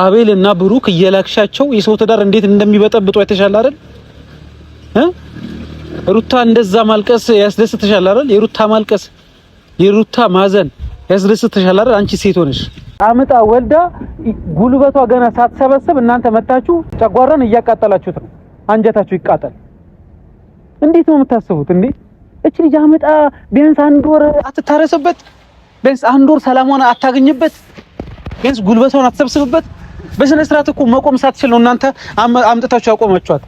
አቤል እና ብሩክ እየላክሻቸው የሰው ትዳር እንዴት እንደሚበጠብጡ አይተሻል አይደል? ሩታ እንደዛ ማልቀስ ያስደስትሻል አይደል? የሩታ ማልቀስ የሩታ ማዘን ያስደስትሻል አይደል? አንቺ ሴት ሆነሽ አምጣ ወልዳ ጉልበቷ ገና ሳትሰበሰብ እናንተ መታችሁ ጨጓራን እያቃጠላችሁት ነው። አንጀታችሁ ይቃጠል። እንዴት ነው የምታስቡት እንዴ? እች ልጅ አመጣ ቢያንስ አንድ ወር አትታረስበት፣ ቢያንስ አንድ ወር ሰላሟን አታገኝበት፣ ቢያንስ ጉልበቷን አትሰብስብበት። በስነ ስርዓት እኮ መቆም ሳትችል ነው እናንተ አምጥታችሁ ያቆማችኋት።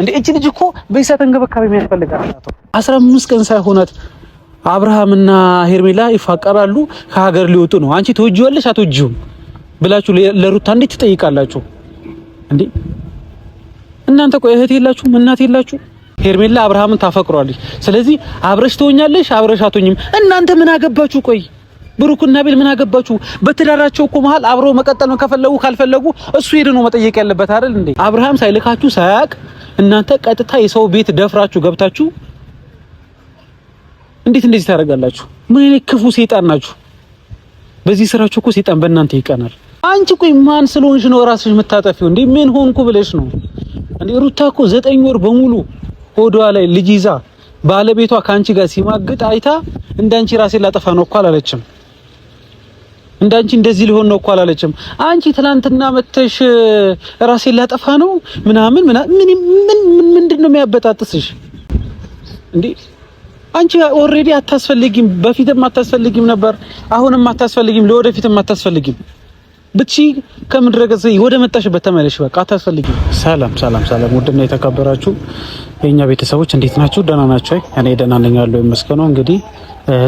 እንዴ እቺ ልጅ እኮ በይሳ እንክብካቤ የሚያስፈልጋት አስራ አምስት ቀን ሳይሆናት አብርሃምና ሄርሜላ ይፋቀራሉ፣ ከሀገር ሊወጡ ነው። አንቺ ትወጂዋለሽ አትወጂውም ብላችሁ ለሩታ እንዴት ትጠይቃላችሁ እንዴ? እናንተ ቆይ እህት የላችሁም እናት የላችሁ? ሄርሜላ አብርሃምን ታፈቅሯለች። ስለዚህ አብረሽ ትሆኛለሽ፣ አብረሽ አትሆኝም። እናንተ ምን አገባችሁ? ቆይ ብሩክና ቤል ምን አገባችሁ? በትዳራቸው እኮ መሀል አብሮ መቀጠል ነው ከፈለጉ፣ ካልፈለጉ እሱ ሄደ ነው መጠየቅ ያለበት አይደል እንዴ? አብርሃም ሳይልካችሁ ሳያቅ እናንተ ቀጥታ የሰው ቤት ደፍራችሁ ገብታችሁ እንዴት እንደዚህ ታደርጋላችሁ? ምን አይነት ክፉ ሰይጣን ናችሁ! በዚህ ስራችሁ እኮ ሰይጣን በእናንተ ይቀናል። አንቺ ቆይ ማን ስለሆንሽ ነው ራስሽ የምታጠፊው እንዴ? ምን ሆንኩ ብለሽ ነው እንዴ? ሩታ እኮ ዘጠኝ ወር በሙሉ ሆዷ ላይ ልጅ ይዛ ባለቤቷ ከአንቺ ጋር ሲማግጥ አይታ እንዳንቺ ራሴን ላጠፋ ነው እኮ አላለችም። እንዳንቺ እንደዚህ ሊሆን ነው እኮ አላለችም። አንቺ ትናንትና መተሽ ራሴን ላጠፋ ነው ምናምን ምን ምን ምንድን ነው የሚያበጣጥስሽ እንዴ? አንቺ ኦልሬዲ አታስፈልጊም። በፊትም አታስፈልጊም ነበር፣ አሁንም አታስፈልጊም፣ ለወደፊትም አታስፈልጊም። ብቺ ከምድረገጽ ወደ መጣሽበት ተመለሽ። በቃ አታስፈልጊም። ሰላም ሰላም ሰላም። ውድና የተከበራችሁ የኛ ቤተሰቦች እንዴት ናችሁ? ደህና ናችሁ? እኔ ደህና ነኝ አለው ይመስገነው እንግዲህ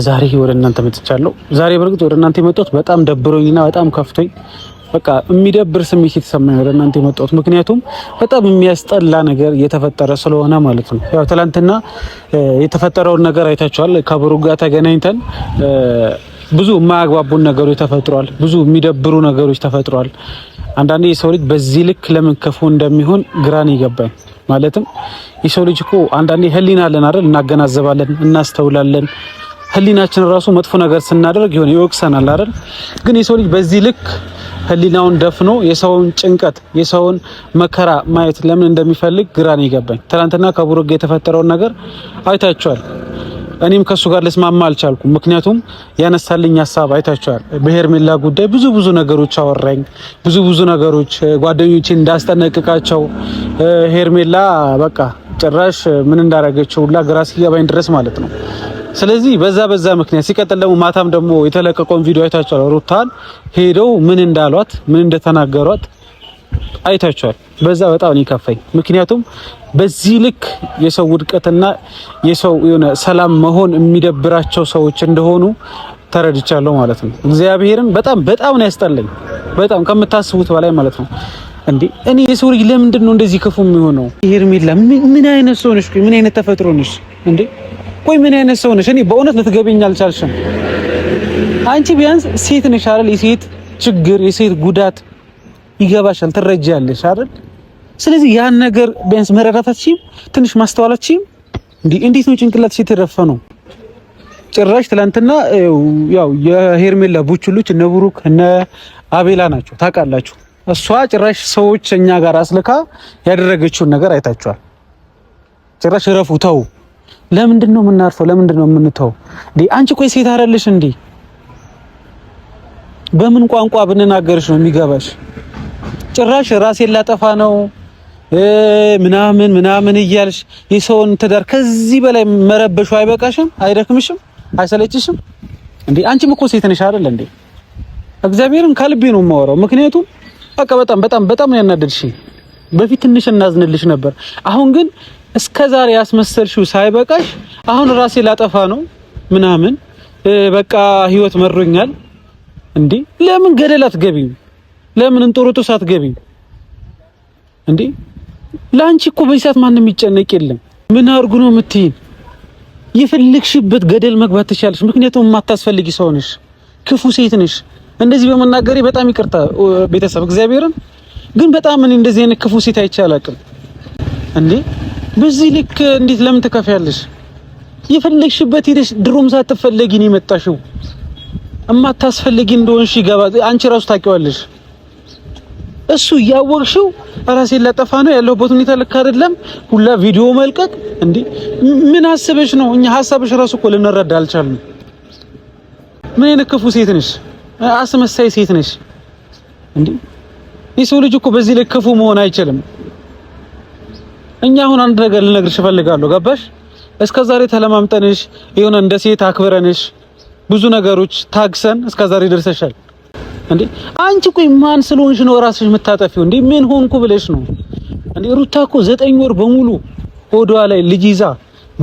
ዛሬ ወደ እናንተ መጥቻለሁ። ዛሬ በእርግጥ ወደ እናንተ የመጣሁት በጣም ደብሮኝና በጣም ከፍቶኝ በቃ የሚደብር ስሜት የተሰማኝ ወደ እናንተ የመጣሁት ምክንያቱም በጣም የሚያስጠላ ነገር እየተፈጠረ ስለሆነ ማለት ነው። ያው ትላንትና የተፈጠረውን ነገር አይታችኋል። ከብሩ ጋር ተገናኝተን ብዙ የማያግባቡን ነገሮች ተፈጥሯል። ብዙ የሚደብሩ ነገሮች ተፈጥሯል። አንዳንዴ የሰው ልጅ በዚህ ልክ ለምን ክፉ እንደሚሆን ግራን ይገባኝ። ማለትም የሰው ልጅ እኮ አንዳንዴ ሕሊና አለን አይደል? እናገናዘባለን፣ እናስተውላለን ህሊናችን ራሱ መጥፎ ነገር ስናደርግ ይሆን ይወቅሰናል አይደል? ግን የሰው ልጅ በዚህ ልክ ህሊናውን ደፍኖ የሰውን ጭንቀት የሰውን መከራ ማየት ለምን እንደሚፈልግ ግራ ነው የገባኝ። ትናንትና ከቡሮ ጋር የተፈጠረውን ነገር አይታችኋል። እኔም ከሱ ጋር ልስማማ አልቻልኩም። ምክንያቱም ያነሳልኝ ሀሳብ አይታችኋል። በሄርሜላ ጉዳይ ብዙ ብዙ ነገሮች አወራኝ። ብዙ ብዙ ነገሮች ጓደኞቼን እንዳስጠነቅቃቸው ሄርሜላ በቃ ጭራሽ ምን እንዳረገችው ሁላ ግራ እስኪገባኝ ድረስ ማለት ነው ስለዚህ በዛ በዛ ምክንያት ሲቀጥል ደግሞ ማታም ደግሞ የተለቀቀውን ቪዲዮ አይታችኋል። ሩታን ሄደው ምን እንዳሏት ምን እንደተናገሯት አይታችኋል። በዛ በጣም ይከፋኝ። ምክንያቱም በዚህ ልክ የሰው ውድቀትና የሰው የሆነ ሰላም መሆን የሚደብራቸው ሰዎች እንደሆኑ ተረድቻለሁ ማለት ነው። እግዚአብሔርን በጣም በጣም ነው ያስጠላኝ። በጣም ከምታስቡት በላይ ማለት ነው። እንዴ እኔ የሰው ልጅ ለምንድን ነው እንደዚህ ክፉ የሚሆነው? ሄርሜላ ምን አይነት ሰው ነሽ? ምን አይነት ተፈጥሮ ነሽ? እንዴ ቆይ ምን አይነት ሰው ነሽ? እኔ በእውነት ልትገቢኝ አልቻልሽም። አንቺ ቢያንስ ሴት ነሽ አይደል? የሴት ችግር የሴት ጉዳት ይገባሻል፣ ትረጃለሽ አይደል? ስለዚህ ያን ነገር ቢያንስ መረዳታችም ትንሽ ማስተዋላችም እንዴት ነው ጭንቅላትሽ የተደፈነው? ጭራሽ ትላንትና ያው የሄርሜላ ቡችሎች እነ ብሩክ እነ አቤላ ናቸው ታውቃላችሁ። እሷ ጭራሽ ሰዎች እኛ ጋር አስልካ ያደረገችውን ነገር አይታችኋል። ጭራሽ ረፉ ተው ለምንድን ነው የምናርፈው? ለምንድን ነው የምንተው? አንቺ ቆይ ሴት አይደለሽ እንዴ? በምን ቋንቋ ብንናገርሽ ነው የሚገባሽ? ጭራሽ ራሴን ላጠፋ ነው ምናምን ምናምን እያልሽ የሰውን ትዳር ከዚህ በላይ መረበሹ አይበቃሽም? አይደክምሽም? አይሰለችሽም? እንዴ አንቺም እኮ ሴት ነሽ አይደል እንዴ? እግዚአብሔርን ከልቤ ነው የማወራው። ምክንያቱም በቃ በጣም በጣም በጣም ነው ያናደድሽ። በፊት ትንሽ እናዝንልሽ ነበር። አሁን ግን እስከ ዛሬ ያስመሰልሽው ሳይበቃሽ አሁን ራሴ ላጠፋ ነው ምናምን በቃ ህይወት መሮኛል እንዴ! ለምን ገደል አትገቢም? ለምን እንጦሮጦስ አትገቢም? እንዴ ለአንቺ እኮ በዚህ ሰዓት ማንም የሚጨነቅ የለም። ምን አርጉ ነው የምትይኝ? የፈለግሽበት ገደል መግባት ትችያለሽ። ምክንያቱም የማታስፈልጊ ሰው ነሽ፣ ክፉ ሴት ነሽ። እንደዚህ በመናገሬ በጣም ይቅርታ ቤተሰብ፣ እግዚአብሔርን ግን በጣም እኔ እንደዚህ አይነት ክፉ ሴት አይቼ አላውቅም እንዴ በዚህ ልክ እንዴት ለምን ትከፍያለሽ? የፈለግሽበት ሄደሽ ድሮም ሳትፈለጊ ነው የመጣሽው። እማታስፈልጊ እንደሆንሽ ይገባ አንቺ ራሱ ታውቂዋለሽ። እሱ እያወቅሽው ራሴን ላጠፋ ነው ያለሁበት ሁኔታ ልክ አይደለም፣ ሁላ ቪዲዮ መልቀቅ እንዴ! ምን አስበሽ ነው? እኛ ሀሳብሽ ራሱ እኮ ልንረዳ አልቻልንም። ምን አይነት ክፉ ሴት ነሽ? አስመሳይ ሴት ነሽ እንዴ! የሰው ልጅ እኮ በዚህ ልክ ክፉ መሆን አይችልም። እኛ አሁን አንድ ነገር ልነግርሽ እፈልጋለሁ። ገባሽ? ዛሬ ተለማምጠንሽ የሆነ እንደ ሴት አክብረንሽ ብዙ ነገሮች ታግሰን እስከዛሬ ደርሰሻል። እንዴ አንቺ ቆይ ማን ስለሆንሽ ነው ራስሽ የምታጠፊው? እንዴ ምን ሆንኩ ብለሽ ነው እንዴ? ሩታ እኮ ዘጠኝ ወር በሙሉ ሆዷ ላይ ልጅ ይዛ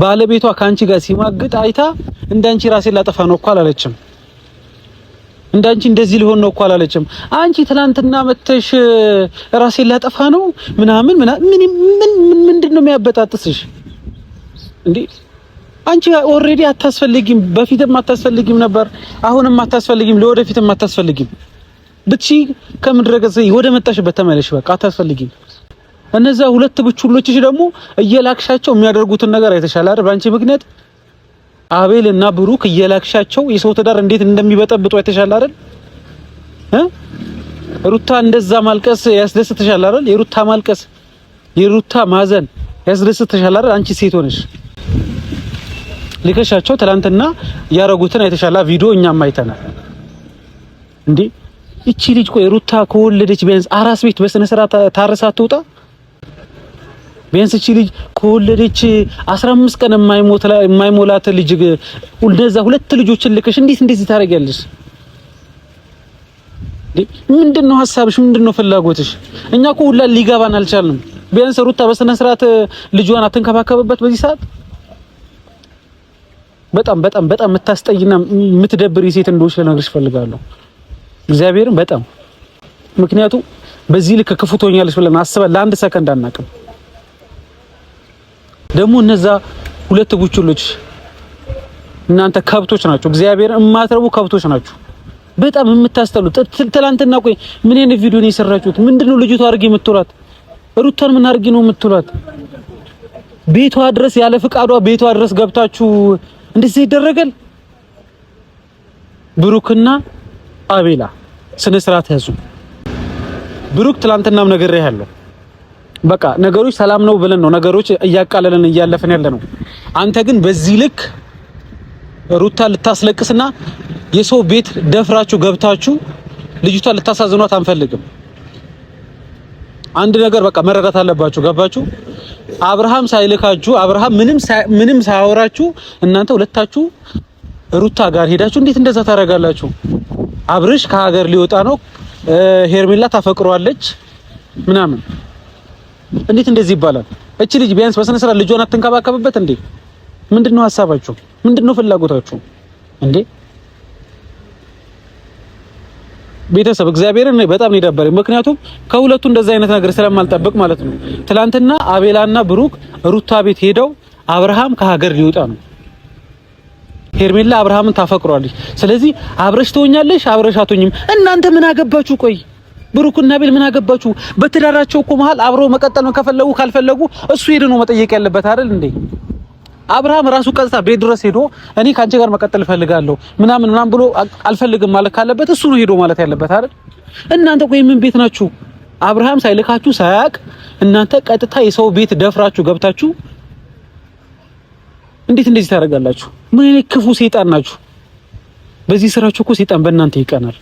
ባለቤቷ ከአንቺ ጋር ሲማግጥ አይታ እንዳንቺ ራሴን ላጠፋ ነው እኮ አላለችም። እንዳንቺ እንደዚህ ሊሆን ነው እኮ አላለችም። አንቺ ትናንትና መተሽ ራሴን ላጠፋ ነው ምናምን ምን ምን ምንድን ነው የሚያበጣጥስሽ እንዴ? አንቺ ኦልሬዲ አታስፈልጊም። በፊትም አታስፈልጊም ነበር፣ አሁንም አታስፈልጊም፣ ለወደፊትም አታስፈልጊም። ብቻ ከምድረ ወደ መጣሽበት ተመለሽ። በቃ አታስፈልጊም። እነዛ ሁለት ብቹሎችሽ ደግሞ እየላክሻቸው የሚያደርጉትን ነገር አይተሻል አይደል? በአንቺ ምክንያት አቤል እና ብሩክ እየላክሻቸው የሰው ትዳር እንዴት እንደሚበጠብጡ አይተሻል አይደል? ሩታ እንደዛ ማልቀስ ያስደስትሻል አይደል? የሩታ ማልቀስ የሩታ ማዘን ያስደስትሻል አይደል? አንቺ ሴት ሆነሽ ልከሻቸው ትላንትና ያረጉትን አይተሻላ። ቪዲዮ እኛም አይተናል። እንዴ እቺ ልጅ ቆይ ሩታ ከወለደች ቢያንስ አራስ ቤት በስነ ስርዓት ታርሳ ትውጣ። ቢያንስ እቺ ልጅ ከወለደች 15 ቀን የማይሞላት ልጅ እንደዛ ሁለት ልጆችን ልከሽ እንዴት እንደዚህ ታደርጊያለሽ? ምንድን ነው ሀሳብሽ? ምንድን ነው ፍላጎትሽ? እኛ እኮ ሁላ ሊገባን አልቻልንም። ቢያንስ ሩታ በስነ ስርዓት ልጇን አትንከባከብበት በዚህ ሰዓት በጣም በጣም በጣም የምታስጠይና የምትደብር ሴት እንደሆነች ልነግርሽ እፈልጋለሁ። እግዚአብሔርን በጣም ምክንያቱ በዚህ ልክ ክፉ ትሆኛለሽ ብለን አስበን ለአንድ ሰከንድ አናውቅም። ደግሞ እነዛ ሁለት ቡችሎች እናንተ ከብቶች ናቸው። እግዚአብሔር የማትረቡ ከብቶች ናቸው። በጣም የምታስጠሉ። ትላንትና ቆይ ምን አይነት ቪዲዮ ነው የሰራችሁት? ምንድነው ልጅቷ አድርጌ የምትሏት? ሩቷን ምን አድርጌ ነው የምትሏት? ቤቷ ድረስ ያለ ፍቃዷ ቤቷ ድረስ ገብታችሁ እንደዚህ ይደረጋል? ብሩክና አቤላ ስነ ስርዓት ያዙ። ብሩክ ትላንትናም ነገር ያለው በቃ ነገሮች ሰላም ነው ብለን ነው ነገሮች እያቃለለን እያለፈን ያለ ነው። አንተ ግን በዚህ ልክ ሩታ ልታስለቅስና የሰው ቤት ደፍራችሁ ገብታችሁ ልጅቷ ልታሳዝኗት አንፈልግም። አንድ ነገር በቃ መረዳት አለባችሁ። ገባችሁ? አብርሃም ሳይልካችሁ አብርሃም ምንም ምንም ሳያወራችሁ እናንተ ሁለታችሁ ሩታ ጋር ሄዳችሁ እንዴት እንደዛ ታደርጋላችሁ? አብርሽ ከሀገር ሊወጣ ነው፣ ሄርሜላ ታፈቅሯለች ምናምን እንዴት እንደዚህ ይባላል? እቺ ልጅ ቢያንስ በስነ ስርዓት ልጇን አትንከባከብበት እንዴ? ምንድነው ሀሳባችሁ? ምንድነው ፍላጎታችሁ እንዴ? ቤተሰብ እግዚአብሔርን በጣም ነው የደበረኝ። ምክንያቱም ከሁለቱ እንደዛ አይነት ነገር ስለማልጠብቅ ማለት ነው። ትናንትና አቤላና ብሩክ ሩታ ቤት ሄደው አብርሃም ከሀገር ሊወጣ ነው። ሄርሜላ አብርሃምን ታፈቅሯለች። ስለዚህ አብረሽ ትሆኛለሽ፣ አብረሽ አትሆኝም። እናንተ ምን አገባችሁ? ቆይ ብሩክና ቤል ምን አገባችሁ? በትዳራቸው እኮ መሀል አብረው መቀጠል ነው ከፈለጉ። ካልፈለጉ እሱ ሄዶ ነው መጠየቅ ያለበት አይደል እንዴ? አብርሃም ራሱ ቀጥታ ቤት ድረስ ሄዶ እኔ ከአንቺ ጋር መቀጠል እፈልጋለሁ ምናምን ምናምን ብሎ አልፈልግም ማለት ካለበት እሱ ነው ሄዶ ማለት ያለበት አይደል? እናንተ ቆይ ምን ቤት ናችሁ? አብርሃም ሳይልካችሁ ሳያቅ እናንተ ቀጥታ የሰው ቤት ደፍራችሁ ገብታችሁ እንዴት እንደዚህ ታደርጋላችሁ? ምን ክፉ ሰይጣን ናችሁ። በዚህ ስራችሁ እኮ ሰይጣን በእናንተ ይቀናል።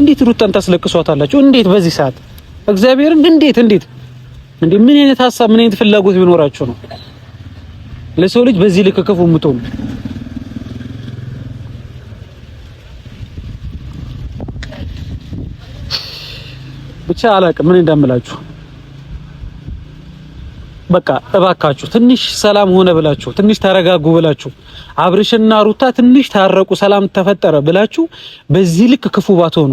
እንዴት ሩታን ታስለቅሷታላችሁ? እንዴት በዚህ ሰዓት እግዚአብሔርን እንዴት እንዴት እንዴ! ምን አይነት ሀሳብ ምን አይነት ፍላጎት ቢኖራችሁ ነው ለሰው ልጅ በዚህ ልክ ክፉ የምትሆኑ? ብቻ አላቅም ምን እንዳምላችሁ። በቃ እባካችሁ ትንሽ ሰላም ሆነ ብላችሁ ትንሽ ተረጋጉ ብላችሁ አብርሽና ሩታ ትንሽ ታረቁ፣ ሰላም ተፈጠረ ብላችሁ በዚህ ልክ ክፉ ባትሆኑ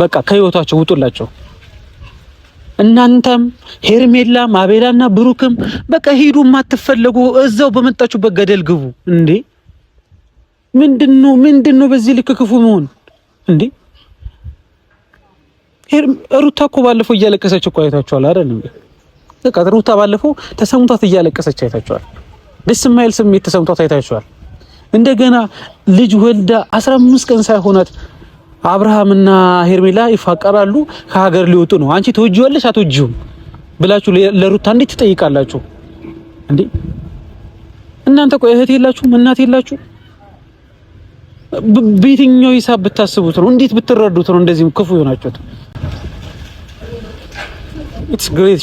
በቃ ከህይወታቸው ውጡላቸው። እናንተም ሄርሜላም አቤላና ብሩክም በቃ ሂዱ፣ የማትፈለጉ እዛው በመጣችሁበት ገደል ግቡ። እንዴ ምንድነው ምንድነው በዚህ ልክ ክፉ መሆን እንዴ? ሩታ እኮ ባለፈው እያለቀሰች እኮ አይታችኋል አይደል? በቃ ሩታ ባለፈው ተሰምቷት እያለቀሰች አይታችኋል። ደስ የማይል ስሜት ተሰምቷት አይታችኋል። እንደገና ልጅ ወልዳ 15 ቀን ሳይሆናት አብርሃምና ሄርሜላ ይፋቀራሉ፣ ከሀገር ሊወጡ ነው። አንቺ ትወጂዋለሽ አትወጂውም ብላችሁ ለሩታ እንዴት ትጠይቃላችሁ እንዴ? እናንተ ቆይ እህት የላችሁም እናት የላችሁ? በየትኛው ሂሳብ ብታስቡት ነው? እንዴት ብትረዱት ነው እንደዚህም ክፉ ይሆናችሁት? ኢትስ ግሬት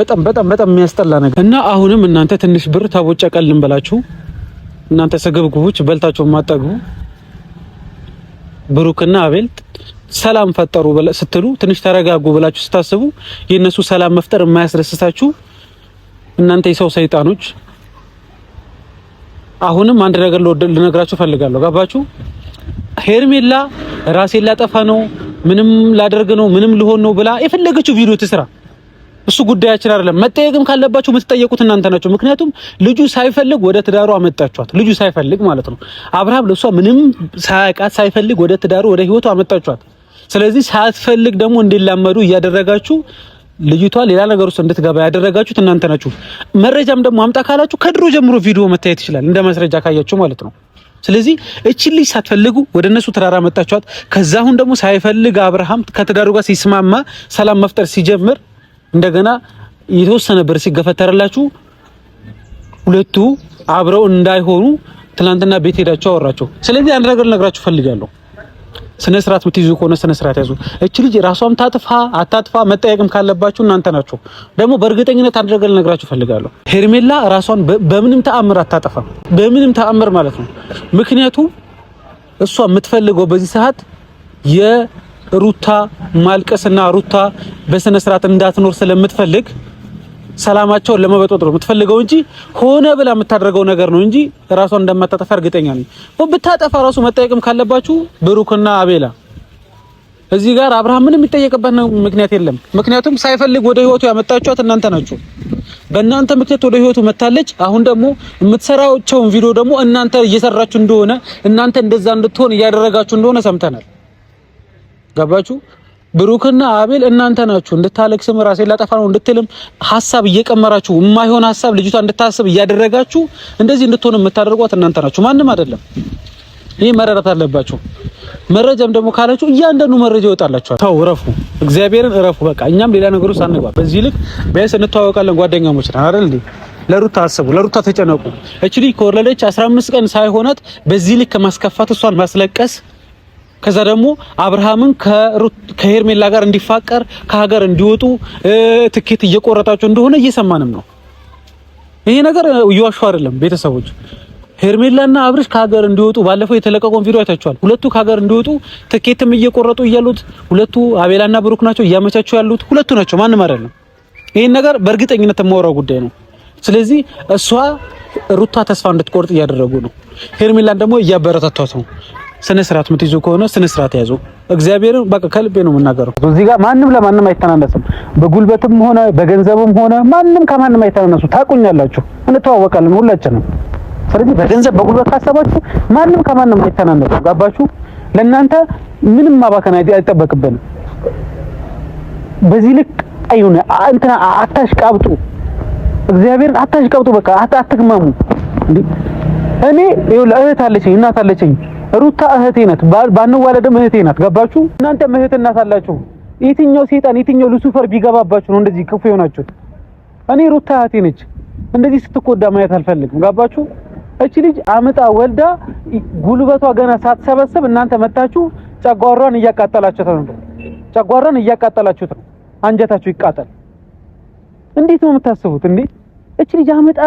በጣም በጣም በጣም የሚያስጠላ ነገር እና አሁንም እናንተ ትንሽ ብር ታቦጫ ብላችሁ እናንተ ስግብግቦች በልታችሁ ማጠግቡ ብሩክና አቤል ሰላም ፈጠሩ ስትሉ ትንሽ ተረጋጉ ብላችሁ ስታስቡ የእነሱ ሰላም መፍጠር የማያስደስታችሁ እናንተ የሰው ሰይጣኖች፣ አሁንም አንድ ነገር ልነግራችሁ ፈልጋለሁ። ገባችሁ? ሄርሜላ ራሴን ላጠፋ ነው፣ ምንም ላደርግ ነው፣ ምንም ልሆን ነው ብላ የፈለገችው ቪዲዮ ትስራ። እሱ ጉዳያችን አይደለም። መጠየቅም ካለባችሁ የምትጠየቁት እናንተ ናችሁ። ምክንያቱም ልጁ ሳይፈልግ ወደ ትዳሩ አመጣችኋት። ልጁ ሳይፈልግ ማለት ነው። አብርሃም ለእሷ ምንም ሳያውቃት ሳይፈልግ ወደ ትዳሩ ወደ ህይወቱ አመጣችኋት። ስለዚህ ሳትፈልግ ደግሞ እንዲላመዱ እያደረጋችሁ ልጅቷ ሌላ ነገር ውስጥ እንድትገባ ያደረጋችሁት እናንተ ናችሁ። መረጃም ደግሞ አምጣ ካላችሁ ከድሮ ጀምሮ ቪዲዮ መታየት ይችላል፣ እንደ ማስረጃ ካያችሁ ማለት ነው። ስለዚህ እቺ ልጅ ሳትፈልጉ ወደ እነሱ ትዳር አመጣችኋት። ከዛ አሁን ደግሞ ሳይፈልግ አብርሃም ከትዳሩ ጋር ሲስማማ ሰላም መፍጠር ሲጀምር እንደገና የተወሰነ ብር ሲገፈተረላችሁ ሁለቱ አብረው እንዳይሆኑ ትናንትና ቤት ሄዳችሁ አወራችሁ። ስለዚህ አንድ ነገር ልነግራችሁ ፈልጋለሁ። ስነ ስርዓት የምትይዙ ከሆነ ስነ ስርዓት ያዙ። እች ልጅ ራሷም ታጥፋ አታጥፋ መጠየቅም ካለባችሁ እናንተ ናችሁ። ደግሞ በእርግጠኝነት አንድ ነገር ልነግራችሁ ፈልጋለሁ። ሄርሜላ ራሷን በምንም ተአምር አታጠፋም፣ በምንም ተአምር ማለት ነው። ምክንያቱም እሷ የምትፈልገው በዚህ ሰዓት ሩታ ማልቀስና ሩታ በስነ ስርዓት እንዳትኖር ስለምትፈልግ ሰላማቸውን ለመበጠጥ ነው የምትፈልገው እንጂ ሆነ ብላ የምታደርገው ነገር ነው እንጂ ራሷን እንደማታጠፋ እርግጠኛ ነኝ። ብታጠፋ ራሱ መጠየቅም ካለባችሁ ብሩክና አቤላ እዚህ ጋር አብርሃም ምንም የሚጠየቅበት ነው ምክንያት የለም። ምክንያቱም ሳይፈልግ ወደ ህይወቱ ያመጣችኋት እናንተ ናችሁ። በእናንተ ምክንያት ወደ ህይወቱ መታለች። አሁን ደግሞ የምትሰራቸውን ቪዲዮ ደግሞ እናንተ እየሰራችሁ እንደሆነ እናንተ እንደዛ እንድትሆን እያደረጋችሁ እንደሆነ ሰምተናል። ገባችሁ? ብሩክና አቤል እናንተ ናችሁ። እንድታለቅስም ራሴ ላጠፋ ነው እንድትልም ሀሳብ እየቀመራችሁ የማይሆን ሀሳብ ልጅቷ እንድታስብ እያደረጋችሁ እንደዚህ እንድትሆን የምታደርጓት እናንተ ናችሁ፣ ማንም አይደለም። ይህ መረዳት አለባችሁ። መረጃም ደግሞ ካላችሁ እያንዳንዱ መረጃ ይወጣላችኋል። ተው እረፉ፣ እግዚአብሔርን እረፉ። በቃ እኛም ሌላ ነገር ውስጥ አንግባ። በዚህ ልክ ቢያንስ እንተዋወቃለን፣ ጓደኛሞች ነን አይደል እንዴ? ለሩታ አስቡ፣ ለሩታ ተጨነቁ። እቺ ልጅ ከወለደች 15 ቀን ሳይሆናት በዚህ ልክ ከማስከፋት እሷን ማስለቀስ ከዛ ደግሞ አብርሃምን ከሄርሜላ ጋር እንዲፋቀር ከሀገር እንዲወጡ ትኬት እየቆረጣቸው እንደሆነ እየሰማንም ነው። ይሄ ነገር እየዋሹ አይደለም ቤተሰቦች። ሄርሜላና አብርሽ ከሀገር እንዲወጡ ባለፈው የተለቀቀውን ቪዲዮ አይታችኋል። ሁለቱ ከሀገር እንዲወጡ ትኬትም እየቆረጡ እያሉት ሁለቱ አቤላና ብሩክ ናቸው እያመቻቸው ያሉት ሁለቱ ናቸው፣ ማንም አይደለም። ይህን ነገር በእርግጠኝነት የማወራው ጉዳይ ነው። ስለዚህ እሷ ሩታ ተስፋ እንድትቆርጥ እያደረጉ ነው። ሄርሜላን ደግሞ እያበረታቷት ነው። ስነ ስርዓት የምትይዙ ከሆነ ስነ ስርዓት ያዙ። እግዚአብሔር በቃ ከልቤ ነው የምናገረው። እዚህ ጋር ማንም ለማንም አይተናነስም። በጉልበትም ሆነ በገንዘብም ሆነ ማንም ከማንም አይተናነሱ። ታቆኛላችሁ፣ እንተዋወቃለን ሁላችንም። ስለዚህ በገንዘብ በጉልበት ካሰባችሁ ማንም ከማንም አይተናነሱ። ጋባችሁ? ለእናንተ ምንም ማባከን አይጠበቅብንም። በዚህ ልክ አይሁን እንትና አታሽቃብጡ፣ እግዚአብሔርን አታሽቃብጡ። በቃ አትግማሙ። እኔ እህት አለችኝ እናት አለችኝ ሩታ እህቴ ናት፣ ባንዋለድም እህቴ ናት። ገባችሁ? እናንተ እህት እናት አላችሁ። የትኛው ሴጣን የትኛው ሉሲፈር ቢገባባችሁ ነው እንደዚህ ክፉ የሆናችሁት? እኔ ሩታ እህቴ ነች፣ እንደዚህ ስትጎዳ ማየት አልፈልግም። ገባችሁ? እቺ ልጅ አምጣ ወልዳ ጉልበቷ ገና ሳትሰበሰብ እናንተ መታችሁ ጨጓሯን እያቃጠላችሁት ነው። ጨጓሯን እያቃጠላችሁት ነው። አንጀታችሁ ይቃጠል። እንዴት ነው የምታስቡት እንዴ? እቺ ልጅ አምጣ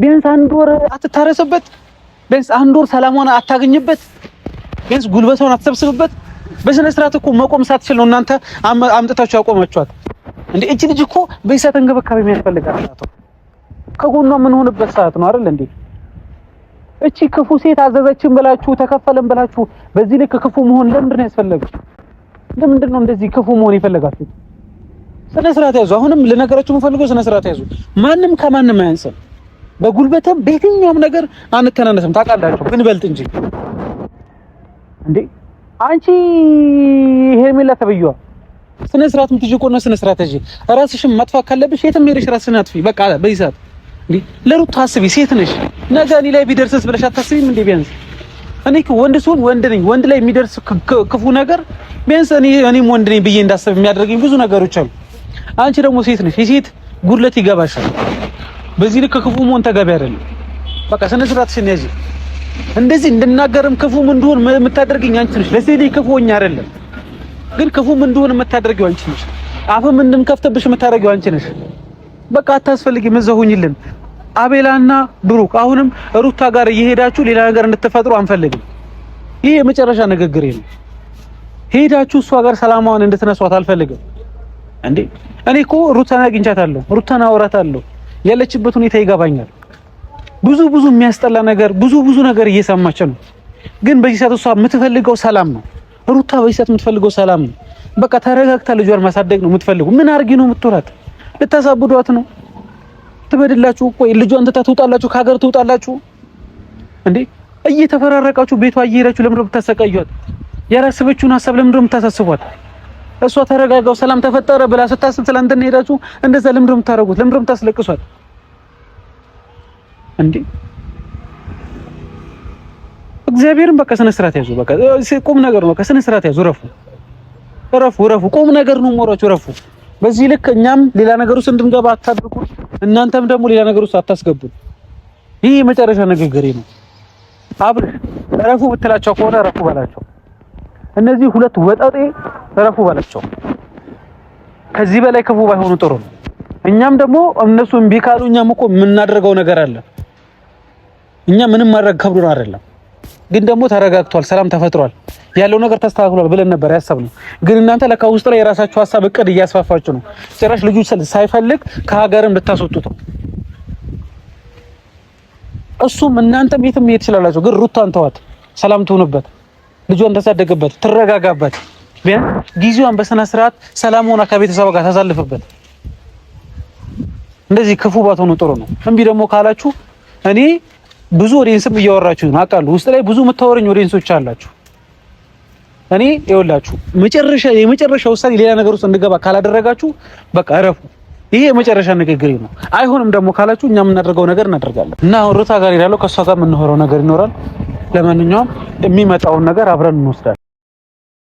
ቢያንስ አንድ ወር አትታረሰበት ቢያንስ አንድ ወር ሰላሟን አታገኝበት፣ ቢያንስ ጉልበቷን አትሰብስብበት። በስነ ስርዓት እኮ መቆም ሳትችል ነው እናንተ አምጥታችሁ ያቆማችኋት። እንደ እጅ ልጅ እኮ በይሳት እንክብካቤ የሚያስፈልጋት ሰዓት ከጎኗ የምንሆንበት ሰዓት ነው አይደል እንዴ? እቺ ክፉ ሴት አዘዘችን ብላችሁ ተከፈለን ብላችሁ በዚህ ልክ ክፉ መሆን ለምንድን ነው ያስፈለገው? ለምንድን ነው እንደዚህ ክፉ መሆን የፈለጋችሁ? ስነ ስርዓት ያዙ። አሁንም ልነገራችሁ የምፈልገው ስነ ስርዓት ያዙ። ማንም ከማንም አያንስም። በጉልበትም በየትኛውም ነገር አንተናነስም። ታውቃላችሁ ግን በልጥ እንጂ እንዴ አንቺ ሄርሜላ ተብዬዋ ስነ ስርዓት ምትጂ ቆና ስነ ስርዓት እጂ ራስሽን ማጥፋት ካለብሽ የትም ሄደሽ ራስሽን አጥፊ። በቃ በዚህ ሰዓት እንዴ ለሩት ታስቢ። ሴት ነሽ፣ ነገ እኔ ላይ ቢደርስስ ብለሽ አታስቢም እንዴ? ቢያንስ እኔ ወንድ ስሆን ወንድ ነኝ። ወንድ ላይ የሚደርስ ክፉ ነገር ቢያንስ እኔ እኔም ወንድ ነኝ ብዬ እንዳስብ የሚያደርገኝ ብዙ ነገሮች አሉ። አንቺ ደግሞ ሴት ነሽ። የሴት ጉድለት ይገባሻል። በዚህ ልክ ክፉ መሆን ተገቢ አይደለም። በቃ ስነ ስርዓትሽን ያዥ። እንደዚህ እንድናገርም ክፉም እንደሆን የምታደርገኝ አንቺ ነሽ። ለዚህ ክፉ ሆኜ አይደለም፣ ግን ክፉም እንደሆን የምታደርገው አንቺ ነሽ። አፍም እንድንከፍትብሽ የምታደርገው አንቺ ነሽ። በቃ አታስፈልጊም። እዛ አቤላና ብሩክ አሁንም ሩታ ጋር እየሄዳችሁ ሌላ ነገር እንድትፈጥሩ አንፈልግም። ይህ የመጨረሻ ንግግር ነው። ሄዳችሁ እሷ ጋር ሰላማዋን እንድትነሷት አልፈልግም። እንዴ እኔ እኮ ሩታን አግኝቻታለሁ፣ ሩታን አወራታለሁ ያለችበት ሁኔታ ይገባኛል። ብዙ ብዙ የሚያስጠላ ነገር ብዙ ብዙ ነገር እየሰማች ነው። ግን በዚህ ሰዓት እሷ የምትፈልገው ሰላም ነው። ሩታ በዚህ ሰዓት የምትፈልገው ሰላም ነው። በቃ ተረጋግታ ልጇን ማሳደግ ነው የምትፈልገው። ምን አርጊ ነው የምትወራት? ልታሳብዷት ነው? ትበድላችሁ? ቆይ ልጇን ትታ ትውጣላችሁ? ከሀገር ትውጣላችሁ እንዴ? እየተፈራረቃችሁ ቤቷ እየሄዳችሁ ለምንድነው የምታሰቃዩት? ያላሰበችውን ሀሳብ ለምንድነው የምታሳስቧት? እሷ ተረጋጋው ሰላም ተፈጠረ ብላ ስታስብ ስለ ሄዳችሁ እንደዛ ለምንድን ነው የምታደርጉት? ለምንድን ነው የምታስለቅሷት እንዴ? እግዚአብሔርን በቃ ስነ ስርዓት ያዙ። በቃ ቁም ነገር ነው። ከስነ ስርዓት ያዙ። ረፉ፣ ረፉ፣ ረፉ። ቁም ነገር ነው ሞራችሁ። ረፉ። በዚህ ልክ እኛም ሌላ ነገር ውስጥ እንድንገባ አታድርጉ። እናንተም ደግሞ ሌላ ነገር ውስጥ አታስገቡን። ይህ የመጨረሻ ንግግሬ ነው። አብር ረፉ ብትላቸው ከሆነ ረፉ በላቸው። እነዚህ ሁለት ወጠጤ እረፉ በላቸው። ከዚህ በላይ ክፉ ባይሆኑ ጥሩ ነው። እኛም ደግሞ እነሱ እምቢ ካሉ እኛም እኮ የምናደርገው ነገር አለ። እኛ ምንም ማድረግ ከብዶን አይደለም፣ ግን ደግሞ ተረጋግቷል፣ ሰላም ተፈጥሯል፣ ያለው ነገር ተስተካክሏል ብለን ነበር ያሰብነው። ግን እናንተ ለካ ውስጥ ላይ የራሳችሁ ሀሳብ እቅድ እያስፋፋችሁ ነው። ጭራሽ ልጁ ሳይፈልግ ከሀገርም ልታስወጡት ነው። እሱም እናንተም የትም መሄድ ትችላላችሁ፣ ግን ሩታን ተዋት፣ ሰላም ትሁንበት፣ ልጇን ተሳደግበት፣ ትረጋጋበት። ቢያንስ ጊዜዋን በስነ ስርዓት ሰላም ሆና ከቤተሰብ ጋር ታሳልፍበት። እንደዚህ ክፉ ባትሆኑ ጥሩ ነው። እምቢ ደግሞ ካላችሁ እኔ ብዙ ኦዲየንስም እያወራችሁ ነው አውቃለሁ። ውስጥ ላይ ብዙ የምታወሩኝ ኦዲየንሶች አላችሁ። እኔ ይኸውላችሁ መጨረሻ የመጨረሻ ውሳኔ ሌላ ነገር ውስጥ እንድገባ ካላደረጋችሁ በቃ እረፉ። ይሄ የመጨረሻ ንግግር ነው። አይሆንም ደግሞ ካላችሁ እኛ የምናደርገው ነገር እናደርጋለን እና አሁን ሩታ ጋር ሄዳለሁ። ከእሷ ጋር የምናወራው ነገር ይኖራል። ለማንኛውም የሚመጣውን ነገር አብረን እንወስዳለን።